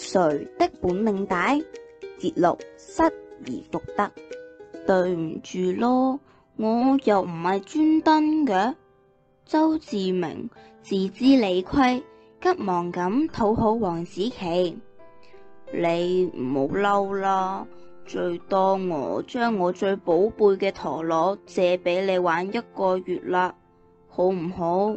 誰的本領大？節錄，失而復得，對唔住咯，我又唔係專登嘅。周志明自知理虧，急忙咁討好王子琪：你唔好嬲啦，最多我將我最寶貝嘅陀螺借俾你玩一個月啦，好唔好？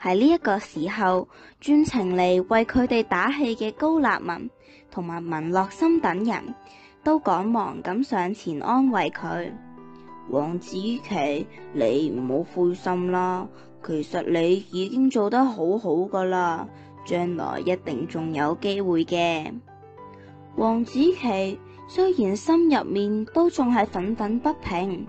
喺呢一個時候，專程嚟，為佢哋打氣嘅高立文同埋文樂心等人都趕忙咁上前安慰佢。王子琪，你唔好灰心啦，其實你已經做得好好噶啦，將來一定仲有機會嘅。王子琪雖然心入面都仲係憤憤不平。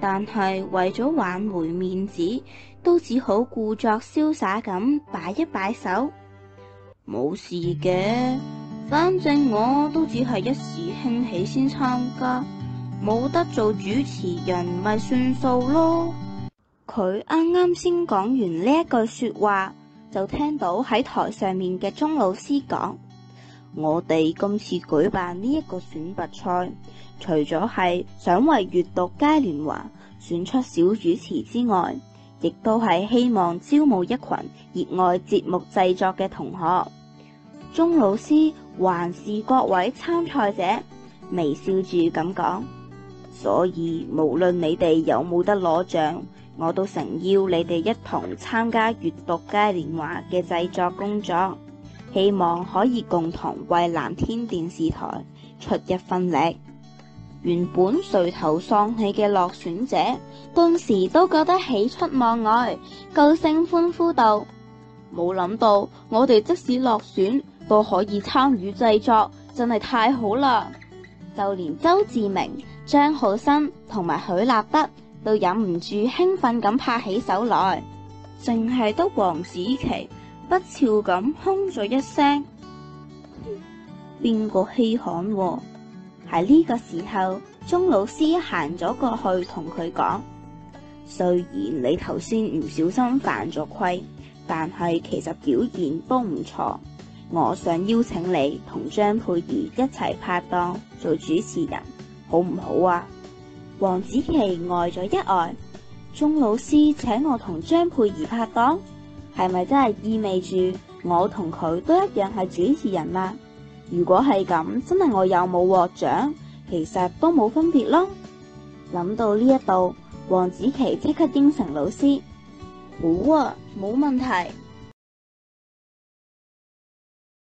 但係為咗挽回面子，都只好故作瀟灑咁擺一擺手，冇事嘅，反正我都只係一時興起先參加，冇得做主持人咪算數咯。佢啱啱先講完呢一句說話，就聽到喺台上面嘅鐘老師講。我哋今次舉辦呢一個選拔賽，除咗係想為閱讀嘉年華選出小主持之外，亦都係希望招募一群熱愛節目製作嘅同學。鍾老師還是各位參賽者，微笑住咁講，所以無論你哋有冇得攞獎，我都誠邀你哋一同參加閱讀嘉年華嘅製作工作。希望可以共同為藍天電視台出一份力。原本垂頭喪氣嘅落選者，頓時都覺得喜出望外，高聲歡呼道：冇諗到我哋即使落選都可以參與製作，真係太好啦！就連周志明、張浩生同埋許立德都忍唔住興奮咁拍起手來，淨係得黃子祺。不潮咁，哼咗一聲，邊個稀罕喎、啊？喺呢個時候，鐘老師行咗過去，同佢講：雖然你頭先唔小心犯咗規，但係其實表現都唔錯。我想邀請你同張佩儀一齊拍檔做主持人，好唔好啊？黃子琪呆咗一呆、呃，鐘老師請我同張佩儀拍檔。係咪真係意味住我同佢都一樣係主持人啦，啊？如果係咁，真係我有冇獲獎，其實都冇分別咯。諗到呢一度，黃子琪即刻應承老師好，哦，啊，冇問題。